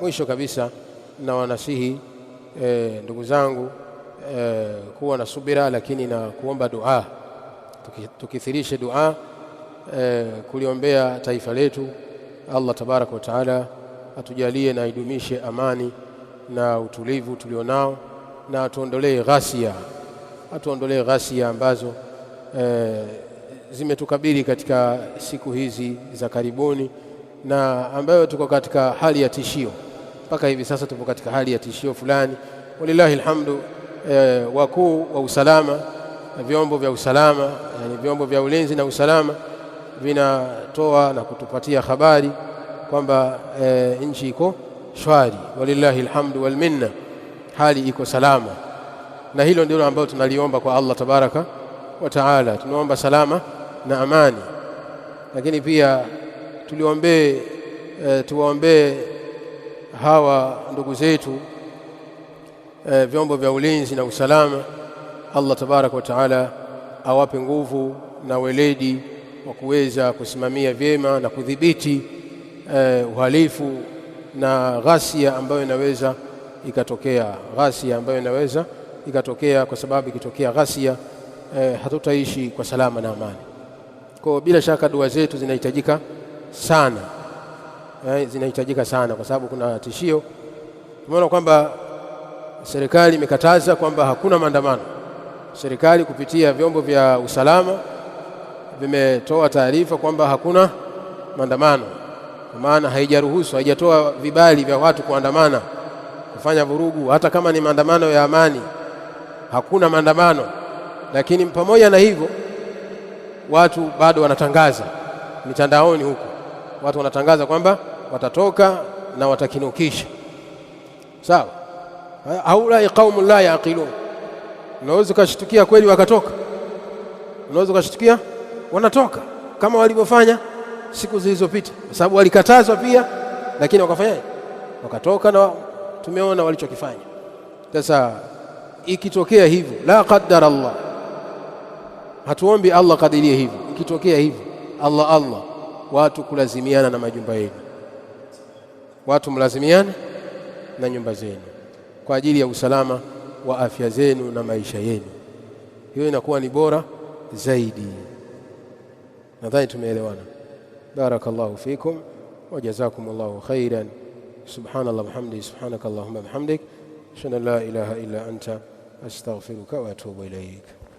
Mwisho kabisa wanasihi e, eh, ndugu zangu e, kuwa na subira, lakini na kuomba dua, tukithirishe dua e, kuliombea taifa letu. Allah tabaraka wa taala atujalie na idumishe amani na utulivu tulionao, na atuondolee ghasia, atuondolee ghasia ambazo e, zimetukabili katika siku hizi za karibuni na ambayo tuko katika hali ya tishio mpaka hivi sasa tupo katika hali ya tishio fulani. Walillahi alhamdu. E, wakuu wa usalama na vyombo vya usalama, yani vyombo vya ulinzi na usalama vinatoa na kutupatia habari kwamba e, nchi iko shwari, walillahi alhamdu wal minna, hali iko salama, na hilo ndilo ambalo tunaliomba kwa Allah tabaraka wa taala. Tunaomba salama na amani, lakini pia tuliombee, e, eh, tuwaombee hawa ndugu zetu e, vyombo vya ulinzi na usalama. Allah tabaraka wa taala awape nguvu na weledi wa kuweza kusimamia vyema na kudhibiti e, uhalifu na ghasia ambayo inaweza ikatokea, ghasia ambayo inaweza ikatokea, kwa sababu ikitokea ghasia e, hatutaishi kwa salama na amani. Kwa bila shaka dua zetu zinahitajika sana eh, zinahitajika sana, kwa sababu kuna tishio. Tumeona kwamba serikali imekataza kwamba hakuna maandamano. Serikali kupitia vyombo vya usalama vimetoa taarifa kwamba hakuna maandamano, kwa maana haijaruhusu, haijatoa vibali vya watu kuandamana, kufanya vurugu, hata kama ni maandamano ya amani. Hakuna maandamano, lakini pamoja na hivyo watu bado wanatangaza mitandaoni huko, watu wanatangaza kwamba watatoka na watakinukisha. Sawa, haulai qaumun la yaqilun. Unaweza ukashtukia kweli wakatoka, unaweza ukashtukia wanatoka kama walivyofanya siku zilizopita, kwa sababu walikatazwa pia, lakini wakafanyaje? Wakatoka na tumeona walichokifanya. Sasa ikitokea hivyo, la qaddara Allah, hatuombi Allah kadirie hivyo. Ikitokea hivyo, Allah Allah, watu kulazimiana na majumba yenu watu mlazimiane na nyumba zenu kwa ajili ya usalama wa afya zenu na maisha yenu. Hiyo inakuwa ni bora zaidi. Nadhani tumeelewana. Barakallahu fikum wa jazakumullahu khairan. Subhanallah bihamdi subhanakallahumma bihamdik ashhadu an la ilaha illa anta astaghfiruka wa atubu ilaik.